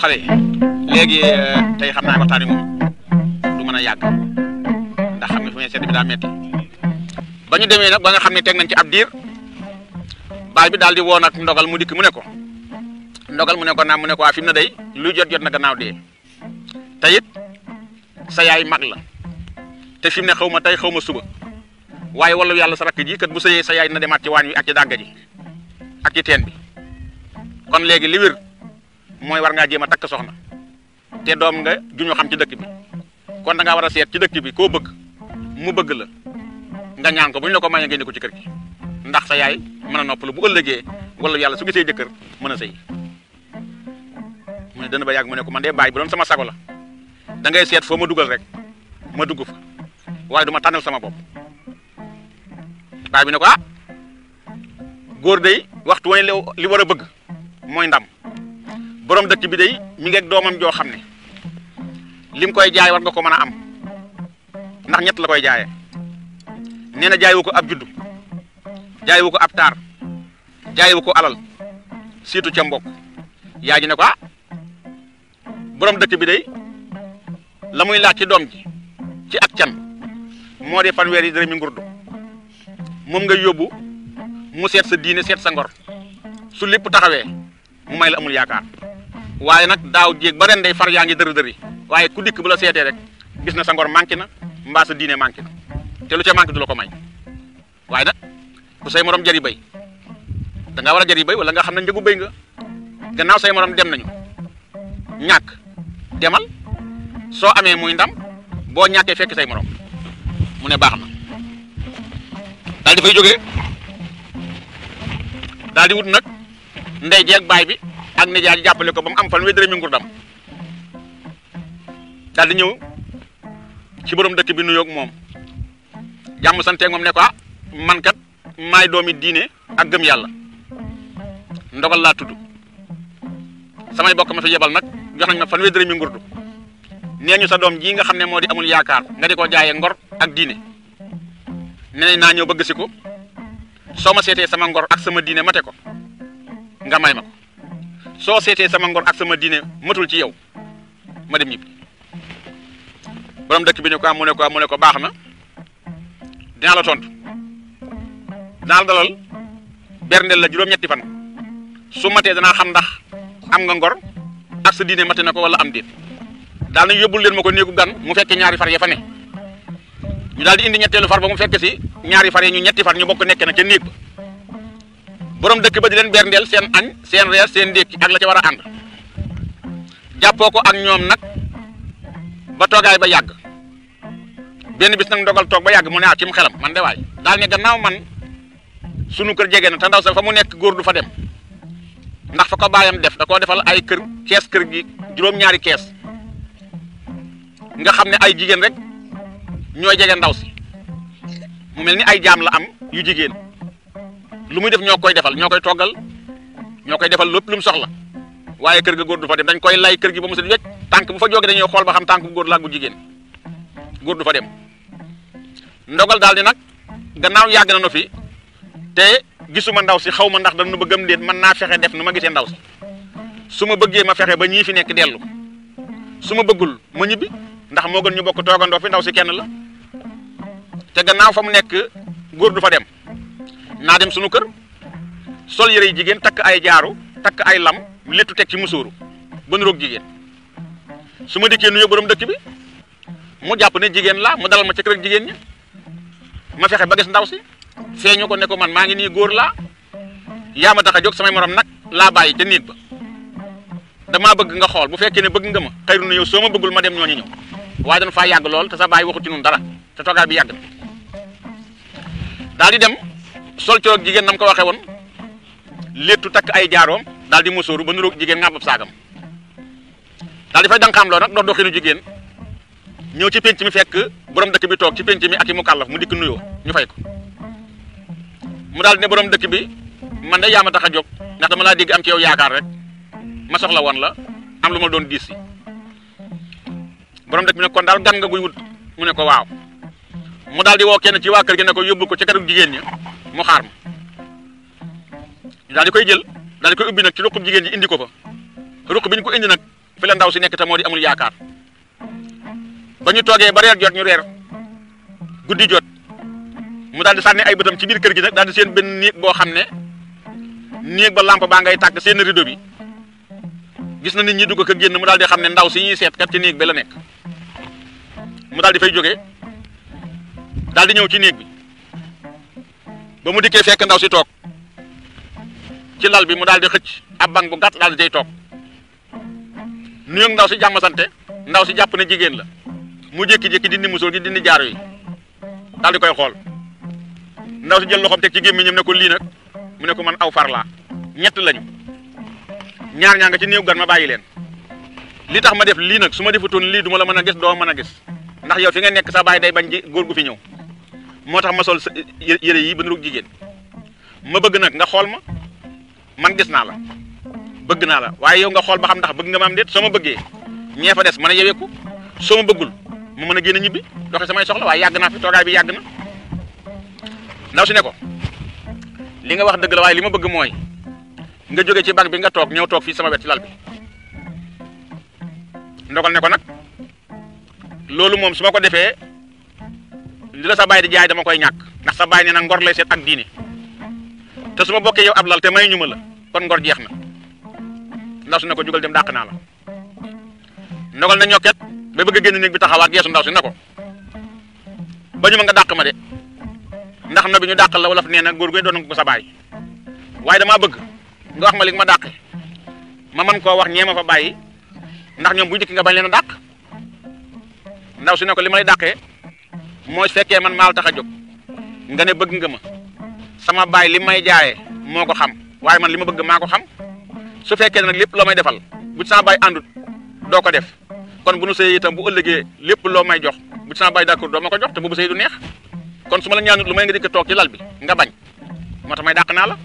xale yi léegi euh, tey xam naa waxtaan wi du mën a yàgg ndax xam ne fu ngeen sedd bi daa metti ba ñu demee nag ba nga xam ne teg nañ ci ab diir baay bi daal di woo nag ndogal mu dikk mu ne ko ndogal mu ne ko naa mu ne ko waa fi mu ne day lu jot jot na gannaaw dee te it sa yaay mag la te fi mu ne xaw ma tey xaw ma suba waaye wala yàlla sa rakk ji kat bu sëyee sa yaay na demaat ci waañ wi ak ci dàgg ji ak ci teen bi kon léegi li mooy war ngaa jéem a takk soxna te doom nga juñu xam ci dëkk bi kon da war a seet ci dëkk bi koo bëgg mu bëgg la nga ñaan ko bu ñu la ko mayee nga indi ko ci kër ndax sa yaay mën a noppalu bu ëllëgee wala yàlla su gisee jëkkër mën a sëy mu ne dana ba yàgg mu ne ko man de bàyyi bu doon sama sago la da ngay seet foo ma dugal rek ma dugg fa waaye du ma tànnal sama bopp baay bi ne ko ah góor day waxtu wane li war a bëgg mooy ndam borom dëkk bi day mi ngi doomam joo xam ne lim koy jaay war nga ko mën a am ndax ñett la koy jaayee nee na jaay wu ko ab juddu jaay wu ko ab taar jaay wu ko alal siitu ca mbokk yaa ji ne ko ah borom dëkk bi day la muy laaj ci doom ji ci ak can moo di fanweer yi dërëmi ngurdu moom nga yóbbu mu seet sa diine seet sa ngor su lépp taxawee mu may la amul yaakaar waaye nag daaw jéeg ba ren day far yaa ngi dër dër yi waaye ku dikk bu la seetee rek gis na sa ngor manqué na mbaa sa diine manqué na te lu ca manqué du la ko may waaye nag ku say morom jari bay da nga war a jari bay wala nga xam ne njëgu bay nga gannaaw say morom dem nañu ñàkk demal soo amee muy ndam boo ñàkkee fekk say moroom mu ne baax na daal di fay jógee daal di wut nag ndey jeeg baay bi ak nijaay ji jàppale ko ba am fan wéy dërëm mi ngurdam daal di ñëw ci borom dëkk bi nuyoog moom jàmm sante moom ne ko ah man kat maay doomi diine ak gëm yàlla ndogal laa tudd samay bokk ma fi yebal nag jox nañ ma fan wéy dërëm ngurdu nee ñu sa doom ji nga xam ne moo di amul yaakaar nga di ko jaayee ngor ak diine ne naa ñëw bëgg si ko soo ma seetee sama ngor ak sama diine mate ko nga may ma ko soo seetee sama ngor ak sama diine matul ci yow ma dem ñibbi borom dëkk bi ne ko am mu ne ko am mu ne ko baax na dinaa la tontu dinaa la dalal berndeel la juróom-ñetti fan su matee danaa xam ndax am nga ngor ak sa diine mate na ko wala am déet daal nañ yóbbul leen ma ko néegu gan mu fekkee ñaari far ya fa ne ñu daal di indi ñetteelu far ba mu fekk si ñaari far yi ñu ñetti far ñu bokk nekk na ca néeg ba borom dëkk ba di leen berndeel seen añ seen reer seen ndékki ak la ci war a ànd jàppoo ko ak ñoom nag ba toogaay ba yàgg benn bis nag ndogal toog ba yàgg mu ne ah ci mu xelam man de waay daal ne gannaaw man sunu kër jege na te ndaw sa fa mu nekk góor du fa dem ndax fa ko baayam def da koo defal ay kër kees kër gi juróom-ñaari kees nga xam ne ay jigéen rek ñooy jege ndaw si mu mel ni ay jaam la am yu jigéen. lu muy def ñoo koy defal ñoo koy toggal ñoo koy defal lépp lu mu soxla waaye kër ga góor du fa dem dañ koy lay kër gi ba mu set wecc tànk bu fa jógee dañuy xool ba xam tànk bu góor la ak jigéen góor du fa dem ndogal daal di nag gannaaw yàgg na no fi te gisuma ndaw si xaw ma ndax ba bëggam déet mën naa fexe def nu ma gisee ndaw si su ma bëggee ma fexe ba ñii fi nekk dellu su ma bëggul ma ñibbi ndax moo gën ñu bokk toogandoo fi ndaw si kenn la te gannaaw fa mu nekk góor du dem naa dem sunu kër sol yëre yi jigéen takk ay jaaru takk ay lam léttu teg ci musóoru ba nuroog jigéen su ma dikkee nuyoo borom dëkk bi mu jàpp ne jigéen laa mu dalal ma ci kër jigéen ñi ma fexe ba gis ndaw si feeñu ko ne man maa ngi nii góor laa yaa ma tax a jóg samay morom nag laa bàyyi ca néeg ba damaa bëgg nga xool bu fekkee ne bëgg nga ma xëyru nu yow soo ma bëggul ma dem ñooñu ñëw waaye dañu faa yàgg lool te sa bàyyi waxu ci nun dara te toogaat bi yàgg sol coroog jigéen nam ko waxee woon léttu takk ay jaaroom daal di musóoru ba nuroog jigéen ngàmbab saagam daal di fay dànqaam loo nag dox doxinu jigéen ñëw ci pénc mi fekk boroom dëkk bi toog ci pénc mi ak i mu kàllaf mu dikk nuyoo ñu fay ko mu daal di ne borom dëkk bi man de yaa ma tax a jóg ndax laa dégg am ci yow yaakaar rek ma soxla woon la am lu ma doon diis si borom dëkk bi ne kon daal gan nga guy wut mu ne ko waaw mu daal di woo kenn ci waa kër gi ne ko yóbbu ko ca këru jigéen ñi mu xaar ma ñu di koy jël daal di koy ubbi nag ci ruqub jigéen ji indi ko fa ruq bi ñu ko indi nag fi la ndaw si nekk te moo di amul yaakaar ba ñu toogee ba reer jot ñu reer guddi jot mu daal di sànni ay bëtam ci biir kër gi nag daal di seen benn néeg boo xam ne néeg ba lampe baa ngay tàkk seen rideau bi gis na nit ñi dugg ko génn mu daal di xam ne ndaw si ñuy seet kat ci néeg bi la nekk mu daal di fay jógee daal di ñëw ci néeg bi ba mu dikkee fekk ndaw si toog ci lal bi mu daal di xëcc ab bang bu gàtt daal di toog nuyu ndaw si jàmm sante ndaw si jàpp ne jigéen la mu jékki-jékki dindi musoor gi dindi jaaro yi koy xool ndaw si jël loxoom teg ci gémmiñam ne ko lii nag mu ne ko man aw farlaa laa ñett lañu ñaar ñaa nga ci néew gan ma bàyyi leen li tax ma def lii nag su ma defutoon lii duma ma la mën a gis doo mën a gis ndax yow fi nga nekk sa bàyyi day bañ ji góor gu fi ñëw moo tax ma sol sa yére yi ba nurug jigéen ma bëgg nag nga xool ma man gis naa la bëgg naa la waaye yow nga xool ba xam ndax bëgg nga ma am déet soo ma bëggee ñee fa des man a yeweeku soo ma bëggul mu mën a génn ñibbi doxe samay soxla waaye yàgg naa fi toogaay bi yàgg na ndaw si ne ko li nga wax dëgg la waaye li ma bëgg mooy nga jóge ci bag bi nga toog ñëw toog fii sama wet ci lal bi ndogal ne ko nag loolu moom su ma ko defee li la sa baay di jaay dama koy ñàkk ndax sa baay nee ngor lay seet ak diine te su ma bokkee yow ab lal te may ñu la kon ngor jeex na ndaw si na ko jugal dem dàq naa la ndogal na ñokket ba bëgg a génn néeg bi taxawaat geesu ndaw si na ko nga dàq ma de ndax na bi ñu dàq la wala nee na góor gu doon ko sa baay waaye damaa bëgg nga wax ma li ma dàqe ma mën koo wax ñee ma fa bàyyi ndax ñoom bu njëkk nga bañ leen a dàq ndaw si ne ko li ma lay dàqee. mooy fekkee man maal tax a jóg nga ne bëgg nga ma sama baay li may jaayee moo ko xam waaye man li ma bëgg maa ko xam su fekkee nag lépp loo may defal bu sama baay àndut doo ko def kon bu nu sëyee itam bu ëllëgee lépp loo may jox bu sama baay d'accord doo ma ko jox te bu bu sëy du neex kon su ma la ñaanut lu may nga dikk toog ci lal bi nga bañ moo tax may dàq naa la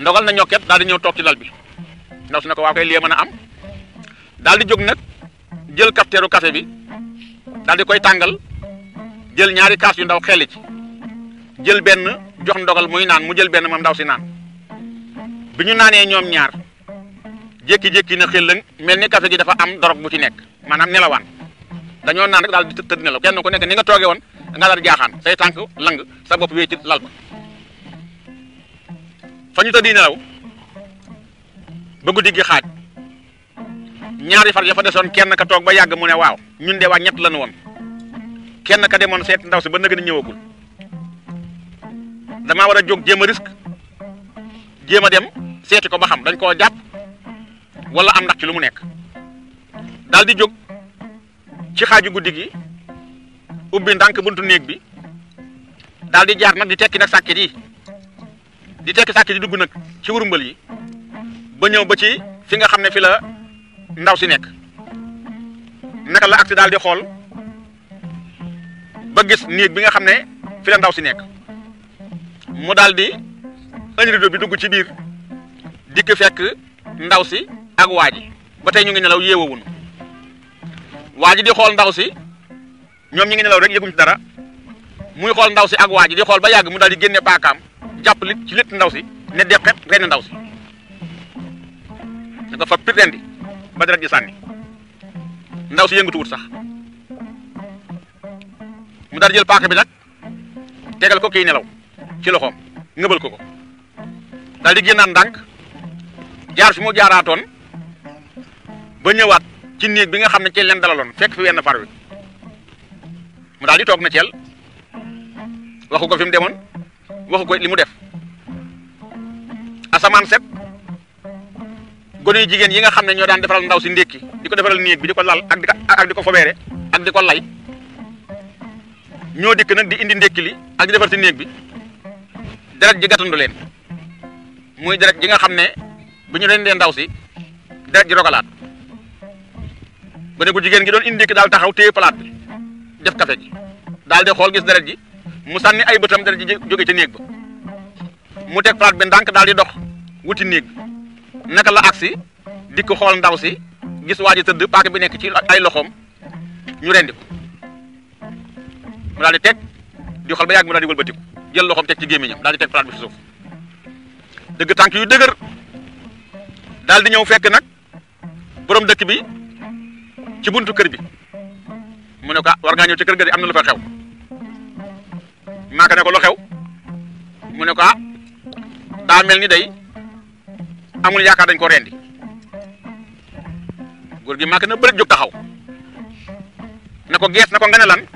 ndogal na ñokket daal di toog ci lal bi su ne ko waaw kay lii mën a am daal di jóg nag jël kafteeru café bi daal di koy tàngal jël ñaari kaas yu ndaw xelli ci jël benn jox ndogal muy naan mu jël benn ma ndaw si naan bi ñu naanee ñoom ñaar jékki-jékki na xel mel ni café gi dafa am dorog bu ci nekk maanaam nelawaan dañoo naan rek daal di tëdd nelaw kenn ku nekk ni nga tooge woon nga daal jaaxaan say tànk lang sa bopp wéy ci lal ba fa ñu tëddi nelaw ba guddi gi xaaj ñaari far ya fa desoon kenn ka toog ba yàgg mu ne waaw ñun de waa ñett lañu woon kenn ka demoon seet ndaw si ba nag ni ñëwagul damaa war a jóg jéem a risque a dem seeti ko ba xam dañ koo jàpp wala am ndax ci lu mu nekk daal di jóg ci xaaju guddi gi ubbi ndànk buntu néeg bi daal di jaar nag di tekki nag sàkkit yi di tekki sàkkit yi dugg nag ci wurumbal yi ba ñëw ba ci fi nga xam ne fi la ndaw si nekk naka la agsi daal di xool ba gis néeg bi nga xam ne fi la ndaw si nekk mu daal di indi bi dugg ci biir dikk fekk ndaw si ak waa ji ba tey ñu ngi nelaw yeewawuñu waa ji di xool ndaw si ñoom ñu ngi nelaw rek yëguñ dara muy xool ndaw si ak waa ji di xool ba yàgg mu daal di génne paakaam jàpp lit ci létt ndaw si ne deqet ren ndaw si da nga fa pir rendi ba dara ji sànni ndaw si yëngatuwut sax mu daal jël paaka bi nag tegal ko kii nelaw ci loxoom ngëbal ko ko daal di génnaat ndànk jaar fi mu jaaraatoon ba ñëwaat ci néeg bi nga xam ne ci leen dalaloon fekk fi wenn far wi mu daal di toog na ceel waxu ko fi demoon waxu ko li mu def asamaan set gone jigéen yi nga xam ne ñoo daan defaral ndaw si ndékki di ko defaral néeg bi di ko lal ak di ko fobeere ak di ko lay ñoo dikk nag di indi ndékki li ak di defar ci néeg bi deret ji gàttandu leen muy deret ji nga xam ne bi ñu leen ndaw si deret ji rogalaat ba ne ko jigéen gi doon indi ndékki daal taxaw téye palaat bi def café ji daal di xool gis deret ji mu sànni ay bëtam deret ji jóge ci néeg ba mu teg palaat bi ndànk daal di dox wuti néeg naka la agsi dikk xool ndaw si gis waa ji tëdd paaka bi nekk ci ay loxoom ñu rendi ko mu daal di teg di xool ba yàgg mu daal di wëlbatiku jël loxoom teg ci gémmiñam daal di teg palaat bi ci dëgg tànk yu dëgër daal di ñëw fekk nag borom dëkk bi ci buntu kër bi mu ne ko ah, war ngaa ñëw ci kër ga am na lu fa xew maaka ne ko lu mu ne ko ah, daa mel ni day amul yaakaar dañ ko rendi góor gi maaka na bëri jóg taxaw na ko gees na ko nga ne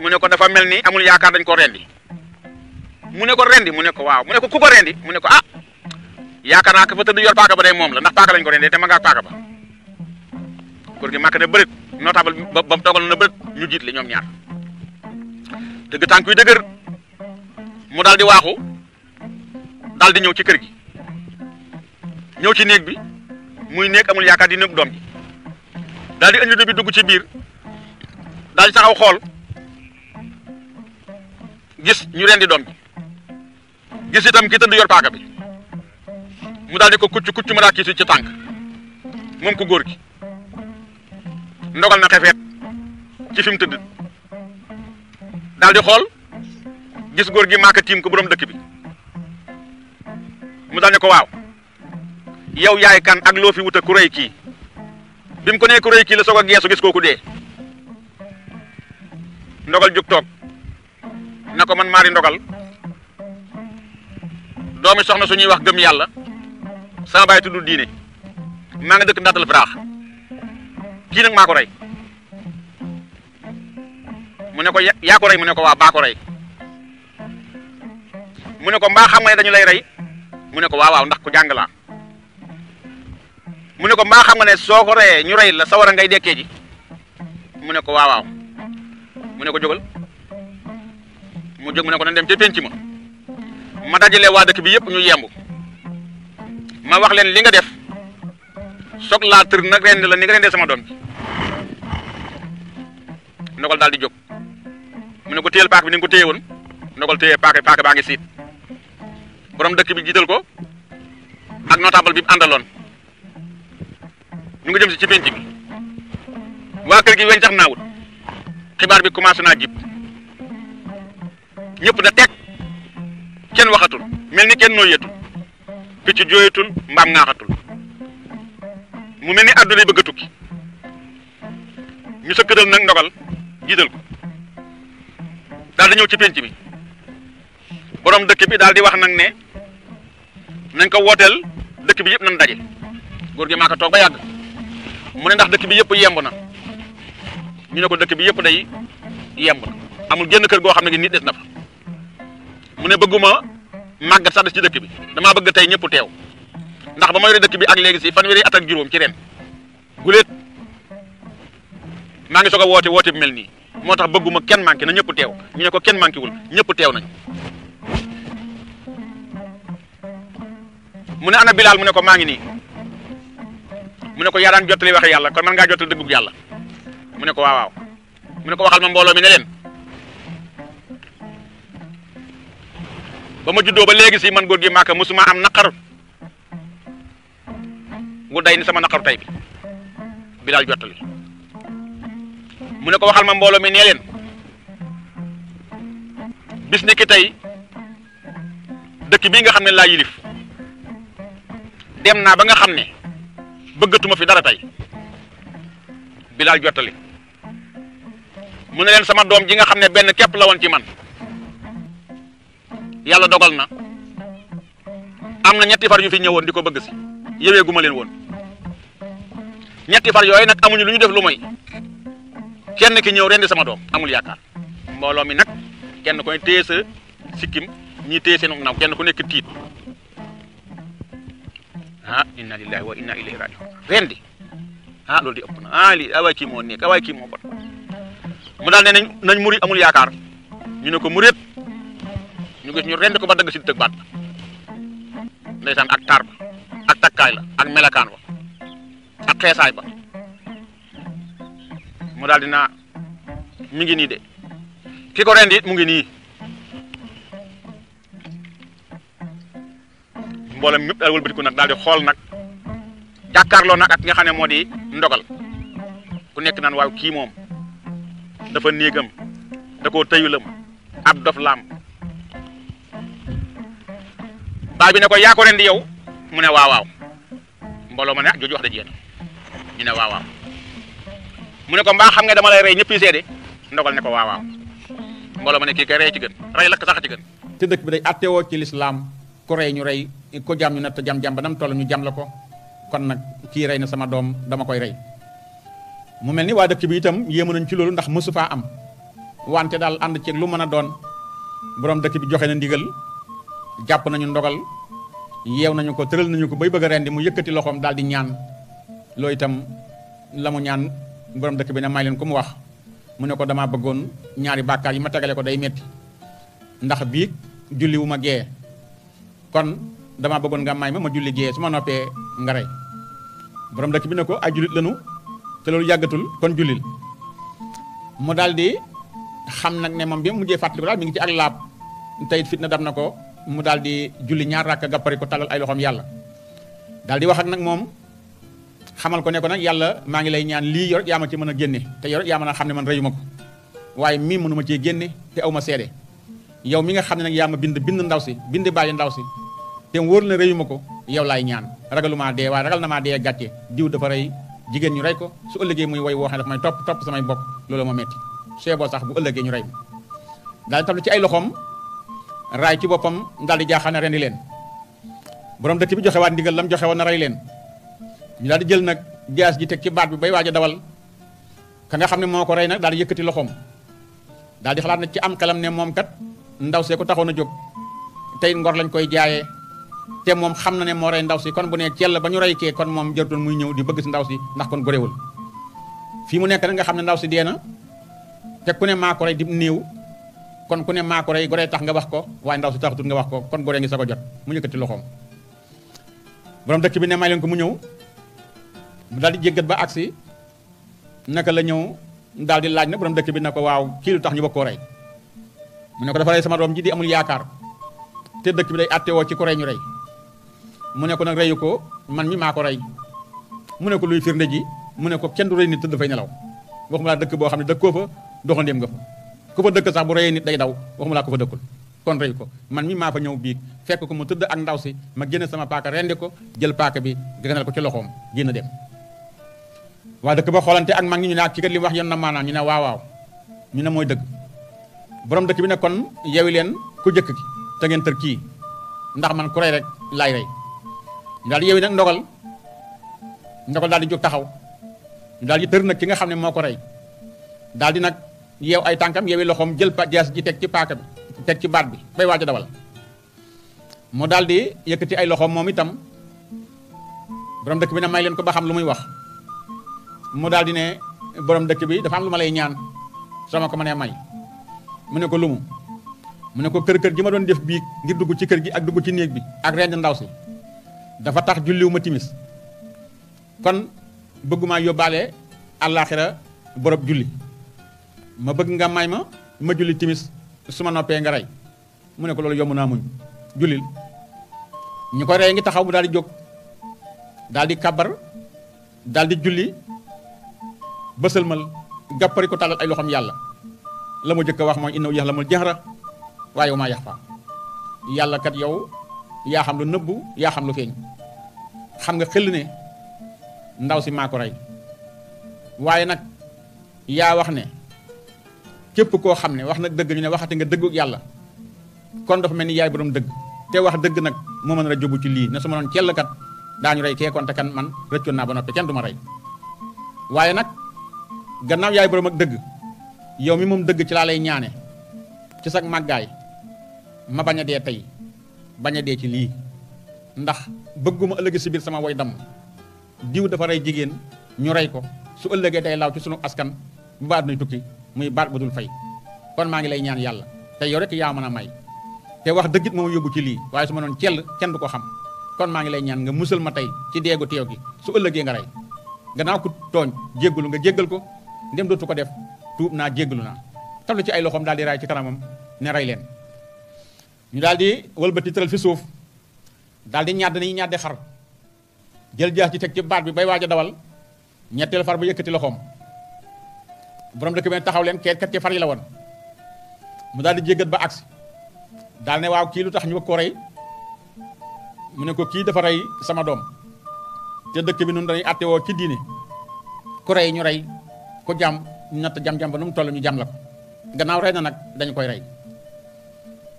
mu ne ko dafa mel ni amul yaakaar dañ ko rendi mu ne ko rendi mu ne ko waaw mu ne ko ku ko rendi mu ne ko ah yaakaar naa ko fa tëdd yor paaka ba day moom la ndax paaka lañ ko rendee te ma ngaa paaka ba góor gi màkk na bërit notable ba ba mu toogal na bërit ñu jiit li ñoom ñaar dëgg tànk yu dëgër mu daal di waaxu dal di ñëw ci kër gi ñëw ci néeg bi muy néeg amul yaakaar di néeg doom ji daal di indi dugg ci biir daal di taxaw xool gis ñu rendi doom ji gis itam ki tëdd yor paaka bi mu daal di ko kucc kucc mën a kiisi ci tànk moom ko góor gi ndogal na xefeet ci fi tëdd daal xool gis góor gi maaka tiim ko borom dëkk bi mu daal ko waaw yow yaay kan ak loo fi wuta ku rëy kii bi mu ko nee ku rëy kii la soog a geesu gis kooku dee ndogal jóg toog ne ko man maari ndogal doomi soxna suñuy wax gëm yàlla sama baay tuddul diine maa nga dëkk ndaatal firaax kii nag maa ko rey mu ne ko yaa ko rey mu ne ko waa baa ko rey mu ne ko mbaa xam nga ne dañu lay rey mu ne ko waaw ndax ku jàng laa mu ne ko mbaa xam nga ne soo ko reyee ñu rey la sawara ngay dekkee ji mu ne ko waaw waaw mu ne ko jógal mu jóg mu ne ko nañ dem ca penc ma ma dajale waa dëkk bi yépp ñu yemb ma wax leen li nga def soog laa tër nag la ni nga rendee sama doom bi ndogal daal di jóg mu ne ko téyel paak bi ni nga téye woon ndogal téye paak paak baa ngi siit borom dëkk bi jiital ko ak notable bi àndaloon ñu ngi jëm si ci penc bi waa kër gi weñ sax naawut xibaar bi commencé naa jib ñëpp na teg kenn waxatul mel ni kenn nooyeetul picc jooyatul mbaam ŋaaxatul mu mel ni àdduna yi bëgg a tukki ñu sa këral nag ndogal jiital ko daal ñëw ci pénc bi boroom dëkk bi daal di wax nag ne nañ ko wooteel dëkk bi yëpp nañ daje góor gi maa ko toog ba yàgg mu ne ndax dëkk bi yëpp yemb na ñu ne ko dëkk bi yëpp day yemb na amul génn kër goo xam ne nit des na fa mu ne bëgguma màggat sax des ci dëkk bi damaa bëgg tey ñëpp teew ndax ba ma yore dëkk bi ak léegi si fanweeri at ak juróom ci ren guléet maa ngi soog a woote woote bu mel nii moo tax bëgguma kenn manqué na ñëpp teew ñu ne ko kenn manqué wul ñëpp teew nañu mu ne ana Bilaal mu ne ko maa ngi nii mu ne ko yaa daan jottali waxe yàlla kon man ngaa jottali dëggug yàlla mu ne ko waaw waaw mu ne ko waxal ma mbooloo mi ne leen ba ma juddoo ba léegi si man góor gi maaka mosuma am naqar gu day ni sama naqaru tey bi Bilaal jottali mu ne ko waxal ma mbooloo mi nee leen bis ni ki tey dëkk bii nga xam ne laa yilif dem naa ba nga xam ne bëggatuma fi dara tey Bilaal jottali mu ne leen sama doom ji nga xam ne benn képp la woon ci man yàlla dogal na am na ñetti far yu fi ñëwoon di ko bëgg si yëwee ma leen woon ñetti far yooyu nag amuñu lu ñu def lu moy kenn ki ñëw rendi sama doom amul yaakaar mbooloo mi nag kenn koy téye sa sikkim ñii téye seen naw kenn ku nekk tiit ah inna lillahi wa inna ilayhi rajiun rendi ah loolu di ëpp na ah lii awaay kii moo nekk awaay kii moo bon mu daal ne nañ muri amul yaakaar ñu ne ko murit ñu gis ñu rend ko ba dagg si tëg baat ndeysaan ak taar ba ak takkaay la ak melakaan ba ak xeesaay ba mu daal dina mi ngi nii de ki ko rend mu ngi nii mboolem ñëpp daal wëlbatiku nag daal di xool nag jàkkaarloo nag ak nga xam ne moo di ndogal ku nekk naan waaw kii moom dafa néegam da koo tëyulam ab dof laam baal bi ne ko yaa ko yow mu ne waaw mbooloo ma ne ah jooju wax da ñu ne waaw mu ne ko mbaa xam nga dama lay rey ñëpp yi seede ndogal ne ko waaw mbooloo ma ne kii kay rey ci ci dëkk bi day attewoo ci lislaam ku rey ñu rey ko jam ñu natt jam jam ba nam toll ñu jam la ko kon nag kii rey na sama doom dama koy rey mu mel ni waa dëkk bi itam yéemu nañ ci loolu ndax mësu faa am wante daal ànd ceeg lu mën a doon borom dëkk bi joxe na ndigal. jàpp nañu ndogal yeew nañu ko tëral nañu ko bay bëgg a rendi mu yëkkati loxoom daal di ñaan loolu itam lamu ñaan borom dëkk bi ne may leen ku mu wax mu ne ko damaa bëggoon ñaari baakaar yi ma tagale ko day metti ndax biig julli ma gee kon damaa bëggoon nga may ma ma julli gee su ma noppee nga rey borom dëkk bi ne ko ay jullit lanu te loolu yàggatul kon jullil mu daldi xam nag ne moom bi mu mujjee fàttali ko daal mi ngi ci ak laab tey it fitna dab na ko mu daal di julli ñaar rakk ga ko talal ay loxoom yàlla daal di wax ak nag moom xamal ko ne ko nag yàlla maa ngi lay ñaan lii yor yaa ma ci mën a génne te yor yaa mën a xam ne man reyu ma ko waaye mii mënuma ma cee génne te aw ma seede yow mi nga xam ne nag yaa ma bind bind ndaw si bind bàyyi ndaw si te wóor na reyu ko yow laay ñaan ragalu maa dee waaye ragal na maa dee gàcce diw dafa rey jigéen ñu rey ko su ëllëgee muy woy woo xam ne dafa may topp topp samay bopp loolu ma metti seeboo sax bu ëllëgee ñu rey ci ay loxoom raay ci boppam daal di jaaxaan rendi leen borom dëkk bi joxe waat ndigal lam joxe woon na rey leen ñu daal di jël nag jaas ji teg ci baat bi bay waaj a dawal ka nga xam ne moo ko rey nag daal yëkkati loxoom daal di xalaat na ci am xelam ne moom kat ndaw see ko taxoon a jóg tey ngor lañ koy jaayee te moom xam na ne moo rey ndaw si kon bu ne cell ba ñu rey kee kon moom jërtoon muy ñëw di bëgg si ndaw si ndax kon gorewul fii mu nekk nag nga xam ne ndaw si dee na te ku ne maa ko rey kon ku ne maa ko rey goree tax nga wax ko waaye ndaw si taxatut nga wax ko kon goree ngi sa ko jot mu yëkkati loxoom borom dëkk bi ne may leen ko mu ñëw mu daal di jéggat ba agsi naka la ñëw daal di laaj na borom dëkk bi na ko waaw kii lu tax ñu bëgg koo rey mu ne ko dafa rey sama doom ji di amul yaakaar te dëkk bi day woo ci ko rey ñu rey mu ne ko nag reyu ko man mi maa ko rey mu ne ko luy firnde ji mu ne ko kenn du rey nit tëdd fay nelaw waxuma laa dëkk boo xam ne dëkkoo fa doxandéem nga ku fa dëkk sax bu reyee nit day daw waxuma laa ku fa dëkkul kon rey ko man mi maa fa ñëw biig fekk ko mu tëdd ak ndaw si ma génne sama paaka rendi ko jël paaka bi gënal ko ci loxoom génn dem waa dëkk ba xoolante ak mag ñi ñu ne ak ah, ci kat li mu wax yoon na maanaam ñu ne waaw waaw ñu ne mooy dëgg boroom dëkk bi ne kon yewi leen ku jëkk ki te ngeen tër kii ndax man ku rey rek laay rey ñu daal di yewi nag ndogal ndogal daal di jóg taxaw ñu daal di ki nga xam ne moo ko rey yeew ay tànkam yeewi loxoom jël jaas ji teg ci paaka bi teg ci baat bi bay waaj a dawal mu daal yëkkati ay loxoom moom itam borom dëkk bi ne may leen ko ba xam lu muy wax mu daal di ne borom dëkk bi dafa am lu ma lay ñaan soo ma ko mënee may mu ne ko lumu mu ne ko kër kër gi ma doon def bii ngir dugg ci kër gi ak dugg ci néeg bi ak rend ndaw si dafa tax julliwuma timis kon bëgguma yóbbaale àllaaxira borob julli ma bëgg nga may ma ma julli timis su ma noppee nga rey mu ne ko loolu yomb naa muñ jullil ñu ko rey ngi taxaw mu daal di jóg daal di kabar daal di julli bësalmal gàppari ko tàllal ay loxoom yàlla la mu jëkk wax mooy innahu ya'lamul jahra waaye wa maa yaxfa yàlla kat yow yaa xam lu nëbbu yaa xam lu feeñ xam nga xëll ne ndaw si maa rey waaye nag yaa wax ne cépp koo xam ne wax nag dëgg ñu ne waxati nga dëggu yàlla kon dafa mel ni yaay borom dëgg te wax dëgg nag moo mën a jógu ci lii ne su ma noon cellkat daañu rey kee konte kan man rëccoon naa ba noppi kenn du ma rey waaye nag gannaaw yaay borom ak dëgg yow mi moom dëgg ci laa lay ñaane ci sag màggaay ma bañ a dee tey bañ a dee ci lii ndax bëgguma ëllëg si biir sama woy damm diw dafa rey jigéen ñu rey ko su ëllëgee day laaw ci sunu askan bu baax muy baat bu dul fay kon maa ngi lay ñaan yàlla te yow rek yaa mën a may te wax dëggit moom yóbbu ci lii waaye su ma noon cell kenn du ko xam kon maa ngi lay ñaan nga musal ma tey ci deegu teew gi su ëllëgee nga rey gannaaw ku tooñ jéggalu nga jéggal ko ndem dootu ko def tuub naa jéggalu naa tablu ci ay loxoom daal di raay ci kanamam ne rey leen ñu daal di wëlbati tëral fi suuf daal di ñadd nañu ñadde xar jël jaas ci teg ci baat bi bay waaj a dawal ñetteel far bu yëkkati loxoom borom dëkk bi taxaw leen keet kat ci far yi la woon mu daal di jéggat ba agsi daal ne waaw kii lu tax ñu ko rey mu ne ko kii dafa rey sama doom te dëkk bi nun dañuy àtte woo ci diine ku rey ñu rey ku jàmm ñu natt jam-jam ba nu mu toll ñu jàmm la ko gannaaw rey na nag dañu koy rey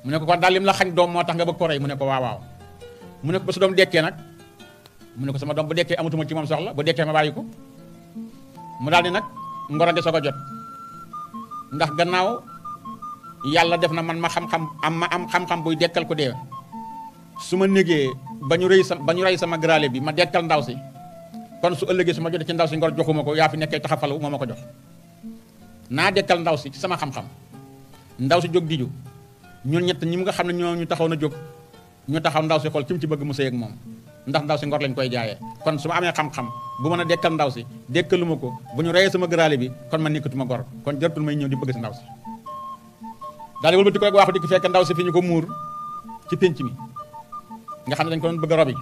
mu ne ko kon daal lim la xañ doom moo tax nga bëgg ko rey mu ne ko waaw waaw mu ne ko doom dekkee nag mu ne ko sama doom bu dekkee amatuma ci moom soxla bu dekkee ma bàyyi ko mu daal nag ngoro gi soog jot ndax gannaaw yàlla def na man ma xam-xam am ma am xam-xam buy dekkal ko dee su ma négee ba ñu rëy sa ba ñu rey sama graale bi ma dekkal ndaw si kon su ëllëgee su ma jotee ci ndaw si ngor joxuma ko yaa fi nekkee taxafalu moo ma ko jox naa dekkal ndaw si ci sama xam-xam ndaw si jóg di ju ñun ñett ñi nga xam ne ñoo ñu taxaw na jóg ñu taxaw ndaw si xool ki ci bëgg mu sëy ak moom ndax ndaw si ngor lañ koy jaaye kon su ma amee xam-xam bu mën a dekkal ndaw si dekkaluma ko bu ñu reyee sama gëraale bi kon man nekkatuma gor kon jartul may ñëw di bëgg si ndaw si daal di ku ko waxu di ko fekk ndaw si fi ñu ko muur ci pénc mi nga xam ne dañ ko doon bëgg a robi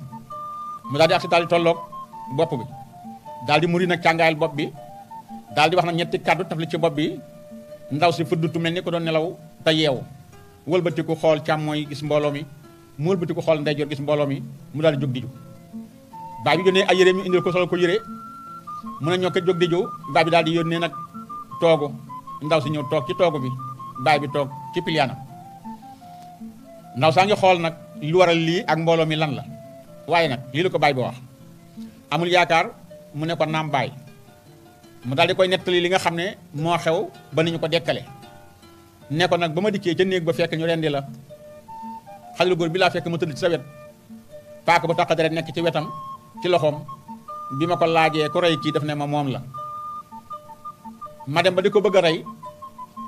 mu daal di agsi daal di bopp bi daal di muri nag càngaayal bopp bi daal di wax na ñetti kàddu tafli ci bopp bi ndaw si fuddutu mel ni ko doon nelaw te yeewu wëlbati ko xool mooy gis mbooloo mi mu wëlbati ko xool ndeyjoor gis mbooloo mi mu daal di di baay bi yónnee ay yére mi indil ko solo ko yére mun a ñoo ko jóg di jow baay bi daal di yónnee nag toogu ndaw si ñëw toog ci toogu bi baay bi toog ci piliyaanam ndaw saa ngi xool nag lu waral lii ak mbooloo mi lan la waaye nag lii la ko baay bi wax amul yaakaar mu ne ko naam baay mu daal di koy nettali li nga xam ne moo xew ba ni ñu ko dekkale ne ko nag ba ma dikkee ca néeg ba fekk ñu rendi la xale góor bi laa fekk ma tëdd ci sa wet paaka bu taq deret nekk ci wetam ci loxoom bi ma ko laajee ko rey kii daf ne ma moom la ma dem ba di ko bëgg rey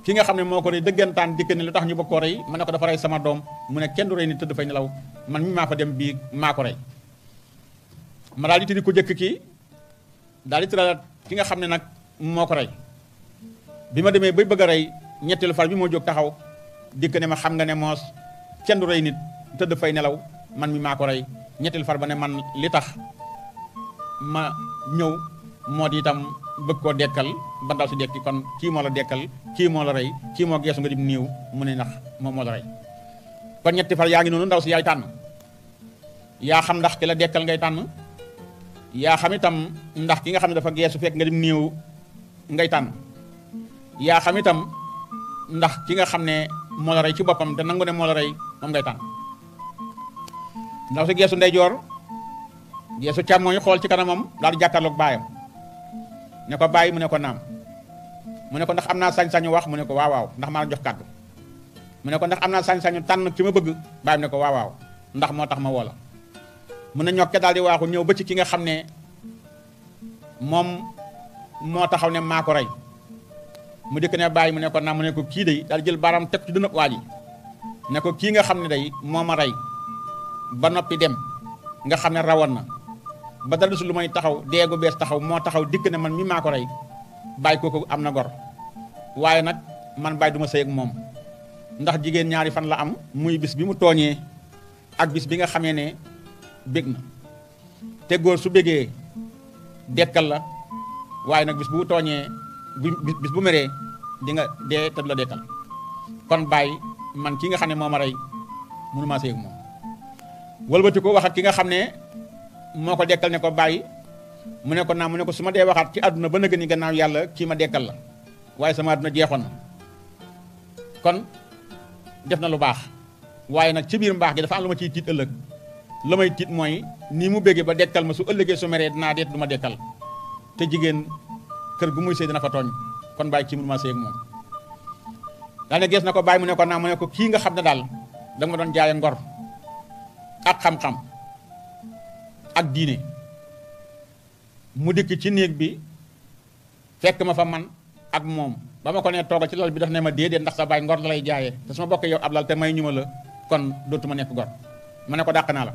ki nga xam ne moo ko rey dëggantaan dikk ne lu tax ñu bëgg koo rey ma ne ko dafa rey sama doom mu ne kenn du rey ni tëdd fay nelaw man mi maa fa dem bii maa ko rey ma daal di tëddi kii daal di tëral ki nga xam ne nag moo ko rey bi ma demee bay bëgg rey ñetteelu far bi moo jóg taxaw dikk ne ma xam nga ne moos kenn rey nit tëdd fay nelaw man mi maa ko rey ñetteelu far ba ne man li tax ma ñëw moo di itam bëgg koo dekkal ba ndaw si dekki kon kii moo la dekkal kii moo la rey kii moo geesu nga dim niiw mu ne ndax moom moo la rey kon ñetti far yaa ngi noonu ndaw si yaay tànn yaa xam ndax ki la dekkal ngay tànn yaa xam itam ndax ki nga xam ne dafa geesu fekk nga dim niiw ngay yaa xam itam ndax ki nga xam ne moo la rey ci boppam te nangu ne moo la rey moom ngay tànn ndaw si geesu ndeyjoor yeesu càmmooñ xool ci kanamam daal di baayam ne ko bàyyi mu ne ko naam mu ne ko ndax am naa sañ-sañu wax mu ne ko waaw waaw ndax jox kàddu mu ne ko ndax am naa sañ-sañu tànn ci ma bëgg baayam ne ko waaw waaw ndax moo tax ma woo la mu ne ñokke daal di waaxu ñëw ba ci ki nga xam ne moom moo taxaw ne maa ko rey mu dikk ne bàyyi mu ne ko naam mu ne ko kii day daal jël baaraam teg ci dënab waa ji ne ko kii nga xam ne day moo ma rey ba noppi dem nga xam ne rawoon na ba dara su lu may taxaw deegu bees taxaw moo taxaw dikk ne man mi maa ko rey bàyyi kooku am na gor waaye nag man bàyyi du ma sëy moom ndax jigéen ñaari fan la am muy bis bi mu tooñee ak bis bi nga xamee ne bég na te góor su bégee dekkal la waaye nag bis bu tooñee bis bu meree di nga dee te du la dekkal kon bàyyi man ki nga xam ne moo ma rey mënu maa sëy moom wëlbati ko wax ki nga xam ne moo ko dekkal ne ko bàyyi mu ne ko naa mu ne ko su ma dee waxaat ci àdduna ba na nëgën ni gannaaw yàlla kii ma dekkal la waaye sama àdduna jeexoon na kon def na lu baax waaye nag ci biir mbaax gi dafa am lu ma ciy tiit ëllëg la may tiit mooy nii mu béggee ba dekkal ma su ëllëgee su meree dinaa deet du ma dekkal te jigéen kër gu muy sëy dina fa tooñ kon bàyyi ci mu ma sëy ak moom daal ne gees na ko bàyyi mu ne ko naa mu ne ko kii nga xam ne daal da ma doon jaay ngor ak xam ak diine mu dikk ci néeg bi fekk ma fa man ak moom ba ma ko nee toogal ci lal bi daf ne ma déedéet ndax sa baay ngor la lay jaaye te su ma bokkee yow ab lal te may ñu la kon dootuma nekk gor ma ne ko dàq naa la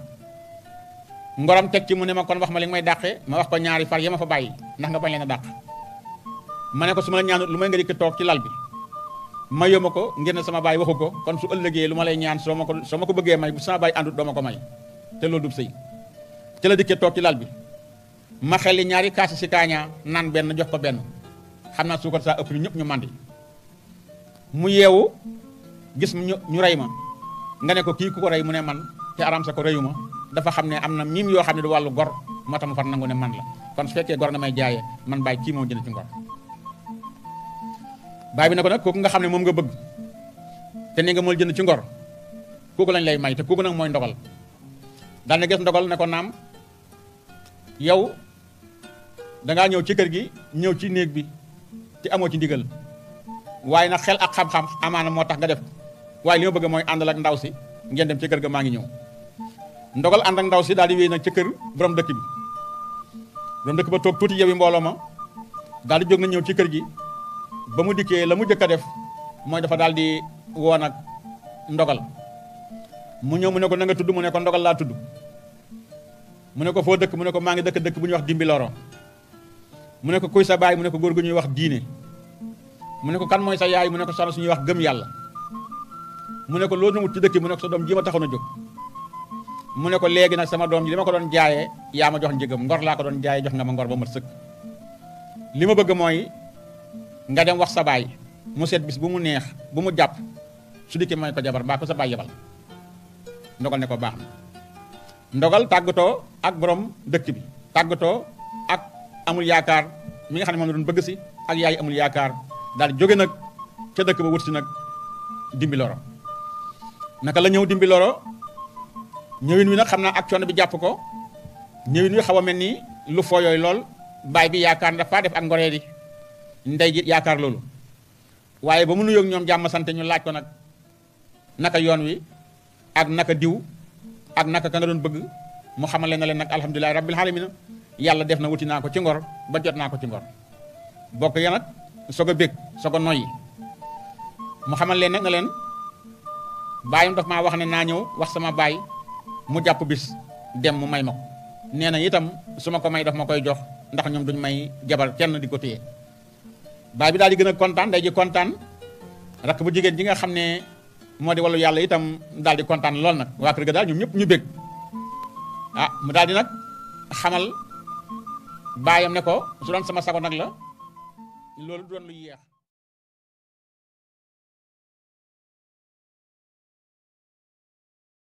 ngoram teg ci mu ne ma kon wax ma li nga may dàq ma wax ko ñaari far ya ma fa bàyyi ndax nga bañ leen a dàq ma ne ko su ma la lu may nga dikk toog ci lal bi ma yóbbu ma ko ngir ne sama baay waxu ko kon su ëllëgee lu ma lay ñaan soo ma ko soo ma ko bëggee may bu sama baay àndut doo ko may te loolu dub sëy ci la dikkee toog ci lal bi ma xelli ñaari kaasi si kaañaa naan benn jox ko benn xam naa suukar saa ëpp ñu ñëpp ñu mandi mu yeewu gis ñu ñu rey ma nga ne ko kii ku ko rey mu ne man te aram sa ko reyu ma dafa xam ne am na mim yoo xam ne du wàllu gor moo tax mu far nangu ne man la kon su fekkee gor nga may jaayee man baay kii moom jënd ci ngor baay bi ne ko nag kooku nga xam ne moom nga bëgg te ne nga mool jënd ci ngor kooku lañ lay may te kooku nag mooy yow dangaa ñëw ci kër gi ñëw ci néeg bi te amoo ci ndigal waaye nag xel ak xam-xam amaana moo tax nga def waaye li ma bëgg mooy àndal ak ndaw si ngeen dem ci kër gi maa ngi ñëw ndogal ànd ak ndaw si daal di wéy nag ci kër borom dëkk bi borom dëkk ba toog tuuti yow mbooloo ma daal di jóg na ñëw ci kër gi ba mu dikkee la mu jëkk a def mooy dafa daal di woo nag ndogal mu ñëw mu ne ko na nga tudd mu ne ndogal laa tudd mu ne ko foo dëkk mu ne ko maa ngi dëkk dëkk bu ñuy wax dimbi loro mu ne ko kuy sa baay mu ne ko góor gu ñuy wax diine mu ne ko kan mooy sa yaay mu ne ko soxna ñuy wax gëm yàlla mu ne ko loo ñëwut ci dëkk mu ne ko sa doom ji ma taxoon a jóg mu ne ko léegi nag sama doom ji li ma ko doon jaayee yaa ma jox njëgam ngor laa ko doon jaayee jox nga ma ngor ba mat sëkk li ma bëgg mooy nga dem wax sa baay mu seet bis bu mu neex bu mu jàpp su dikkee may jabar mbaa sa baay yebal ndogal ne ko baax na ndogal tàggatoo ak boroom dëkk bi tàggatoo ak amul yaakaar mi nga xam ne moom la doon bëgg si ak yaay amul yaakaar daal jóge nag ca dëkk ba wut si nag dimbi naka la ñëw dimbi ñëwin wi nag xam naa ak coono bi jàpp ko ñëwin wi xaw a mel ni lu foo yooyu lool baay bi yaakaar dafa def ak ngoree di ndey ji yaakaar loolu waaye ba mu nuyoog ñoom jàmm sant ñu laaj ko nag naka yoon wi ak naka diw ak naka ka nga doon bëgg mu xamale na leen nag alhamdulilahi rabbil na yàlla def na wutinaa ko ci ngor ba jot naa ko ci ngor bokk yaa nag soog a bég soog a noyyi mu xamal leen na leen bàyyam daf maa wax ne naa ñëw wax sama baay mu jàpp bis dem mu may ma ko nee na itam su ma ko may daf ma koy jox ndax ñoom duñ may jabar kenn di ko téye baay bi daal di kontaan day ji kontaan rakk bu jigéen ji nga xam ne moo di wàllu yàlla itam daal di kontaan lool nag waa kër ga daal ñoom ñëpp ñu bég ah mu daal di nag xamal baayam ne ko su doon sama sago nag la loolu doon lu yéex